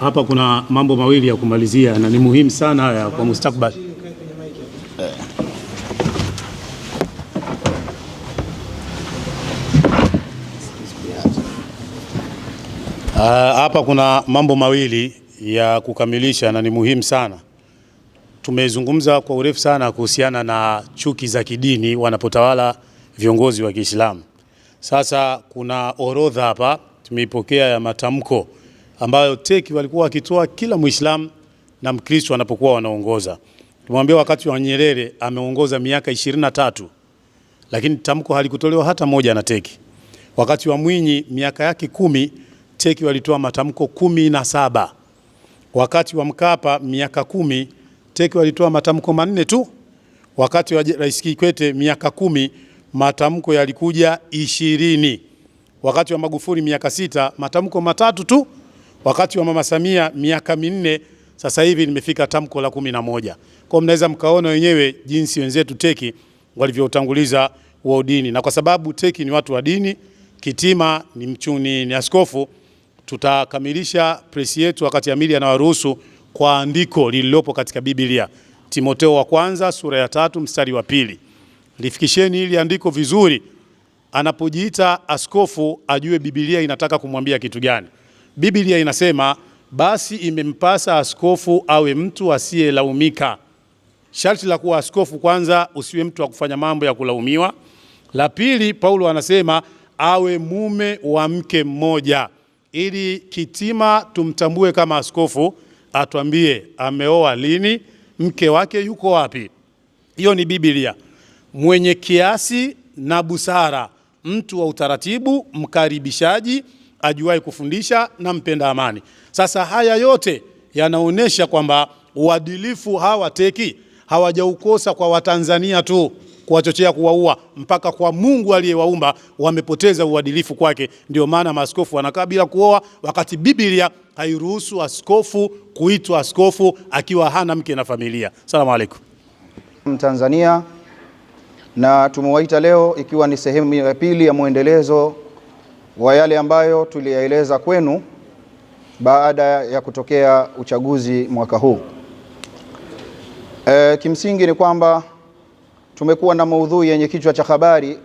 Hapa kuna mambo mawili ya kumalizia na ni muhimu sana haya kwa mustakbali. Uh, hapa kuna mambo mawili ya kukamilisha na ni muhimu sana. Tumezungumza kwa urefu sana kuhusiana na chuki za kidini wanapotawala viongozi wa Kiislamu. Sasa kuna orodha hapa tumeipokea ya matamko ambayo teki walikuwa wakitoa kila Muislamu na Mkristo anapokuwa wanaongoza. Tumwambia wakati wa Nyerere ameongoza miaka 23 lakini tamko halikutolewa hata moja na teki. Wakati wa Mwinyi miaka yake kumi teki walitoa matamko kumi na saba. Wakati wa Mkapa miaka kumi teki walitoa matamko manne tu. Wakati wa Rais Kikwete miaka kumi matamko yalikuja ishirini. Wakati wa Magufuli miaka sita matamko matatu tu wakati wa Mama Samia miaka minne, sasa hivi nimefika tamko la kumi na moja. Kwa mnaweza mkaona wenyewe jinsi wenzetu teki walivyoutanguliza wa udini, na kwa sababu teki ni watu wa dini, Kitima ni mchuni, ni askofu, tutakamilisha presi yetu wakati amili anawaruhusu kwa andiko lililopo katika Biblia Timoteo wa kwanza sura ya tatu mstari wa pili. Lifikisheni hili andiko vizuri, anapojiita askofu ajue Biblia inataka kumwambia kitu gani. Biblia inasema basi imempasa askofu awe mtu asiyelaumika. Sharti la kuwa askofu, kwanza, usiwe mtu wa kufanya mambo ya kulaumiwa. La pili, Paulo anasema awe mume wa mke mmoja, ili kitima tumtambue kama askofu atuambie ameoa lini, mke wake yuko wapi. Hiyo ni Biblia. Mwenye kiasi na busara, mtu wa utaratibu, mkaribishaji ajuaye kufundisha na mpenda amani. Sasa haya yote yanaonyesha kwamba uadilifu hawateki hawajaukosa kwa Watanzania tu kuwachochea kuwaua, mpaka kwa Mungu aliyewaumba wamepoteza uadilifu kwake. Ndio maana maaskofu wanakaa bila kuoa, wakati Biblia hairuhusu askofu kuitwa askofu akiwa hana mke na familia. Salamu alaikum Mtanzania, na tumewaita leo ikiwa ni sehemu ya pili ya mwendelezo wa yale ambayo tuliyaeleza kwenu baada ya kutokea uchaguzi mwaka huu. E, kimsingi ni kwamba tumekuwa na maudhui yenye kichwa cha habari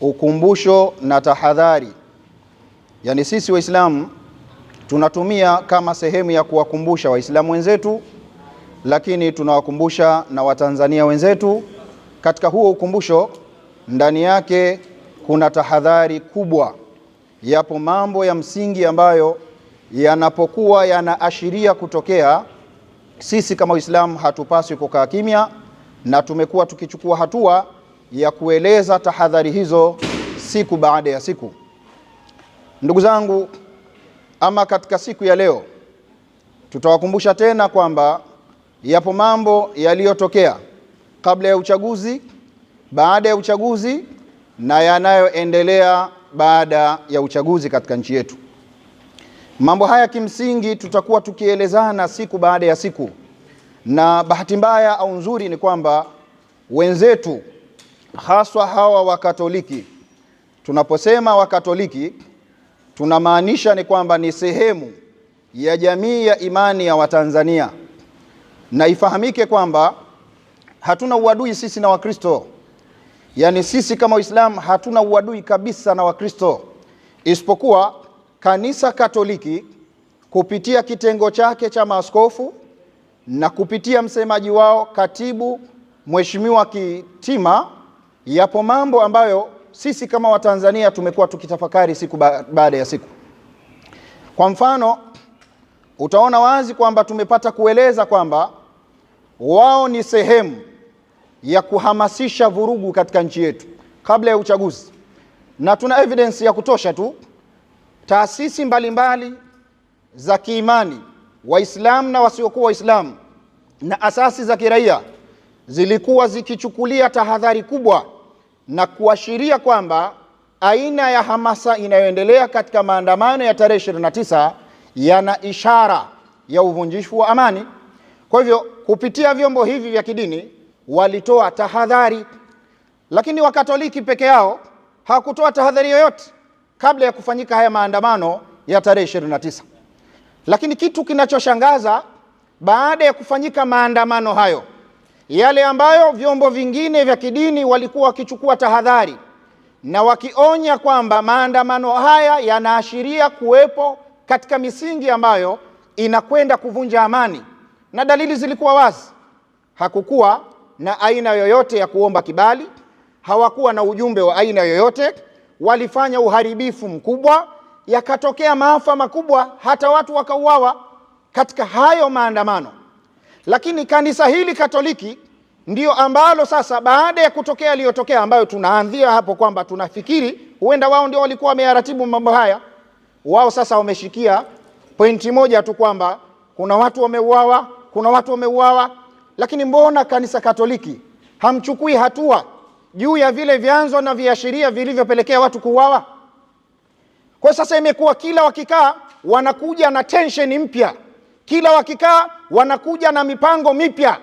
ukumbusho na tahadhari. Yaani sisi Waislamu tunatumia kama sehemu ya kuwakumbusha Waislamu wenzetu, lakini tunawakumbusha na Watanzania wenzetu. Katika huo ukumbusho, ndani yake kuna tahadhari kubwa yapo mambo ya msingi ambayo yanapokuwa yanaashiria kutokea, sisi kama Waislamu hatupaswi kukaa kimya, na tumekuwa tukichukua hatua ya kueleza tahadhari hizo siku baada ya siku. Ndugu zangu, ama katika siku ya leo tutawakumbusha tena kwamba yapo mambo yaliyotokea kabla ya uchaguzi, baada ya uchaguzi na yanayoendelea baada ya uchaguzi katika nchi yetu. Mambo haya kimsingi tutakuwa tukielezana siku baada ya siku, na bahati mbaya au nzuri ni kwamba wenzetu haswa hawa Wakatoliki, tunaposema Wakatoliki tunamaanisha ni kwamba ni sehemu ya jamii ya imani ya Watanzania, na ifahamike kwamba hatuna uadui sisi na Wakristo. Yaani sisi kama Waislamu hatuna uadui kabisa na Wakristo, isipokuwa kanisa Katoliki kupitia kitengo chake cha maaskofu na kupitia msemaji wao katibu Mheshimiwa Kitima, yapo mambo ambayo sisi kama Watanzania tumekuwa tukitafakari siku baada ya siku. Kwa mfano, utaona wazi kwamba tumepata kueleza kwamba wao ni sehemu ya kuhamasisha vurugu katika nchi yetu kabla ya uchaguzi, na tuna evidence ya kutosha tu. Taasisi mbalimbali mbali za kiimani, Waislamu na wasiokuwa Waislamu, na asasi za kiraia zilikuwa zikichukulia tahadhari kubwa na kuashiria kwamba aina ya hamasa inayoendelea katika maandamano ya tarehe 29 yana ishara ya uvunjifu wa amani. Kwa hivyo kupitia vyombo hivi vya kidini walitoa tahadhari, lakini Wakatoliki peke yao hawakutoa tahadhari yoyote kabla ya kufanyika haya maandamano ya tarehe 29. Lakini kitu kinachoshangaza baada ya kufanyika maandamano hayo, yale ambayo vyombo vingine vya kidini walikuwa wakichukua tahadhari na wakionya kwamba maandamano haya yanaashiria kuwepo katika misingi ambayo inakwenda kuvunja amani, na dalili zilikuwa wazi, hakukuwa na aina yoyote ya kuomba kibali, hawakuwa na ujumbe wa aina yoyote, walifanya uharibifu mkubwa, yakatokea maafa makubwa, hata watu wakauawa katika hayo maandamano. Lakini kanisa hili Katoliki ndio ambalo sasa, baada ya kutokea aliyotokea ambayo tunaanzia hapo kwamba tunafikiri huenda wao ndio walikuwa wameyaratibu mambo haya, wao sasa wameshikia pointi moja tu kwamba kuna watu wameuawa, kuna watu wameuawa lakini mbona kanisa Katoliki hamchukui hatua juu ya vile vyanzo na viashiria vilivyopelekea watu kuuawa? Kwa sasa imekuwa kila wakikaa wanakuja na tensheni mpya, kila wakikaa wanakuja na mipango mipya.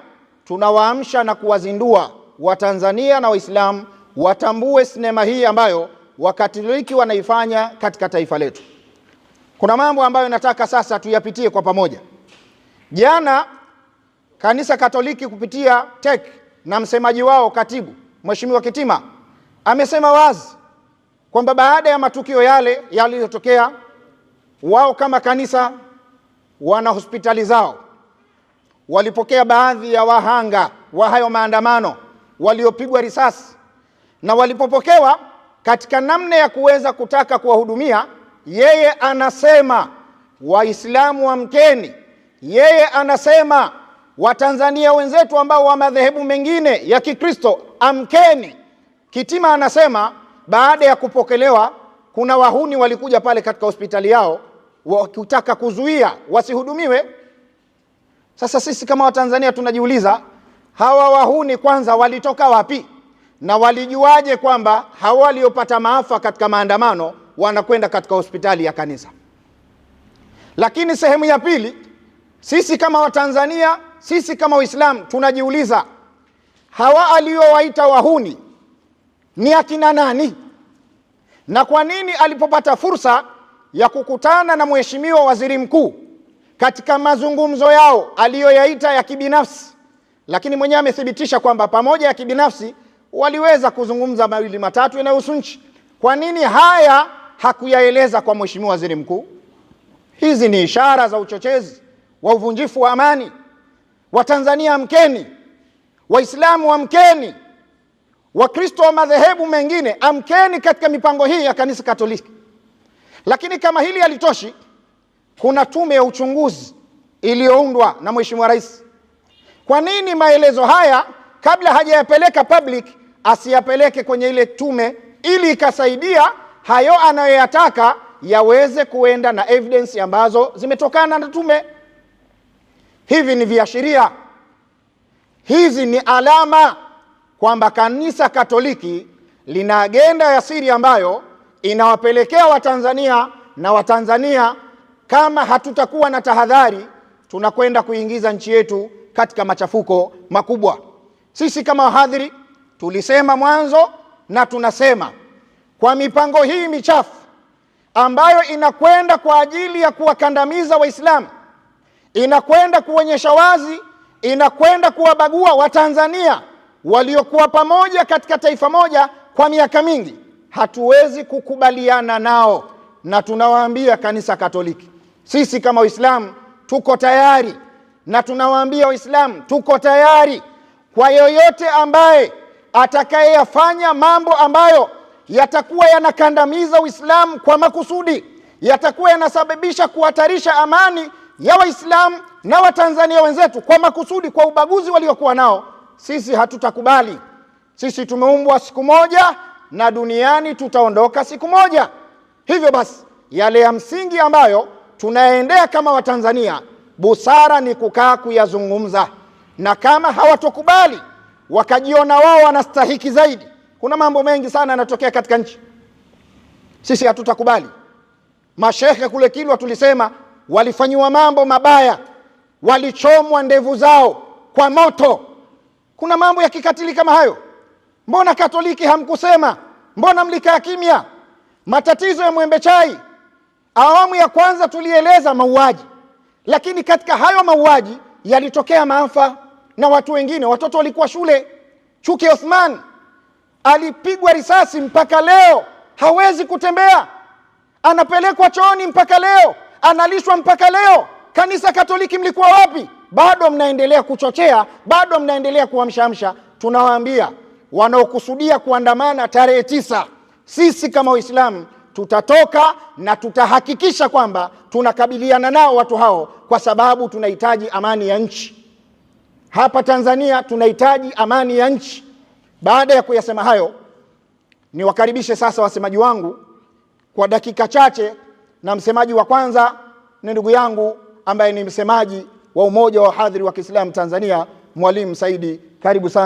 Tunawaamsha na kuwazindua Watanzania na Waislamu watambue sinema hii ambayo Wakatoliki wanaifanya katika taifa letu. Kuna mambo ambayo nataka sasa tuyapitie kwa pamoja. Jana Kanisa Katoliki kupitia TEC na msemaji wao katibu Mheshimiwa Kitima amesema wazi kwamba baada ya matukio yale yaliyotokea, wao kama kanisa wana hospitali zao, walipokea baadhi ya wahanga wa hayo maandamano waliopigwa risasi, na walipopokewa katika namna ya kuweza kutaka kuwahudumia, yeye anasema Waislamu Mkeni, yeye anasema Watanzania wenzetu ambao wa madhehebu mengine ya Kikristo, amkeni. Kitima anasema baada ya kupokelewa, kuna wahuni walikuja pale katika hospitali yao wakitaka kuzuia wasihudumiwe. Sasa sisi kama Watanzania tunajiuliza hawa wahuni kwanza walitoka wapi na walijuaje kwamba hawa waliopata maafa katika maandamano wanakwenda katika hospitali ya kanisa? Lakini sehemu ya pili, sisi kama Watanzania sisi kama Waislamu tunajiuliza hawa aliowaita wahuni ni akina nani? Na kwa nini alipopata fursa ya kukutana na mheshimiwa waziri mkuu katika mazungumzo yao aliyoyaita ya kibinafsi, lakini mwenyewe amethibitisha kwamba pamoja ya kibinafsi waliweza kuzungumza mawili matatu yanayohusu nchi, kwa nini haya hakuyaeleza kwa mheshimiwa waziri mkuu? Hizi ni ishara za uchochezi wa uvunjifu wa amani. Watanzania amkeni, Waislamu amkeni, Wakristo wa madhehebu mengine amkeni katika mipango hii ya kanisa Katoliki. Lakini kama hili halitoshi, kuna tume ya uchunguzi iliyoundwa na Mheshimiwa Rais. Kwa nini maelezo haya kabla hajayapeleka public asiyapeleke kwenye ile tume, ili ikasaidia hayo anayoyataka yaweze kuenda na evidence ambazo zimetokana na tume. Hivi ni viashiria, hizi ni alama kwamba kanisa Katoliki lina agenda ya siri ambayo inawapelekea Watanzania na Watanzania, kama hatutakuwa na tahadhari, tunakwenda kuingiza nchi yetu katika machafuko makubwa. Sisi kama wahadhiri tulisema mwanzo na tunasema kwa mipango hii michafu ambayo inakwenda kwa ajili ya kuwakandamiza Waislamu inakwenda kuonyesha wazi, inakwenda kuwabagua Watanzania waliokuwa pamoja katika taifa moja kwa miaka mingi. Hatuwezi kukubaliana nao, na tunawaambia kanisa Katoliki, sisi kama Waislamu tuko tayari, na tunawaambia Waislamu tuko tayari kwa yoyote ambaye atakayeyafanya mambo ambayo yatakuwa yanakandamiza Uislamu kwa makusudi, yatakuwa yanasababisha kuhatarisha amani ya Waislamu na Watanzania wenzetu kwa makusudi, kwa ubaguzi waliokuwa nao, sisi hatutakubali. Sisi tumeumbwa siku moja na duniani tutaondoka siku moja. Hivyo basi, yale ya msingi ambayo tunaendea kama Watanzania, busara ni kukaa kuyazungumza, na kama hawatokubali wakajiona wao wanastahiki zaidi. Kuna mambo mengi sana yanatokea katika nchi, sisi hatutakubali. Mashehe kule Kilwa tulisema walifanyiwa mambo mabaya, walichomwa ndevu zao kwa moto. Kuna mambo ya kikatili kama hayo? Mbona Katoliki hamkusema? Mbona mlikaa kimya? Matatizo ya Mwembe Chai, awamu ya kwanza tulieleza mauaji, lakini katika hayo mauaji yalitokea maafa na watu wengine, watoto walikuwa shule. Chuki Othman alipigwa risasi, mpaka leo hawezi kutembea, anapelekwa chooni mpaka leo analishwa mpaka leo. Kanisa Katoliki mlikuwa wapi? Bado mnaendelea kuchochea, bado mnaendelea kuamshaamsha. Tunawaambia wanaokusudia kuandamana tarehe tisa, sisi kama Waislamu tutatoka na tutahakikisha kwamba tunakabiliana nao watu hao, kwa sababu tunahitaji amani ya nchi hapa Tanzania, tunahitaji amani ya nchi. Baada ya kuyasema hayo, niwakaribishe sasa wasemaji wangu kwa dakika chache na msemaji wa kwanza ni ndugu yangu ambaye ni msemaji wa umoja wa wahadhiri wa Kiislamu Tanzania, Mwalimu Saidi. Karibu sana.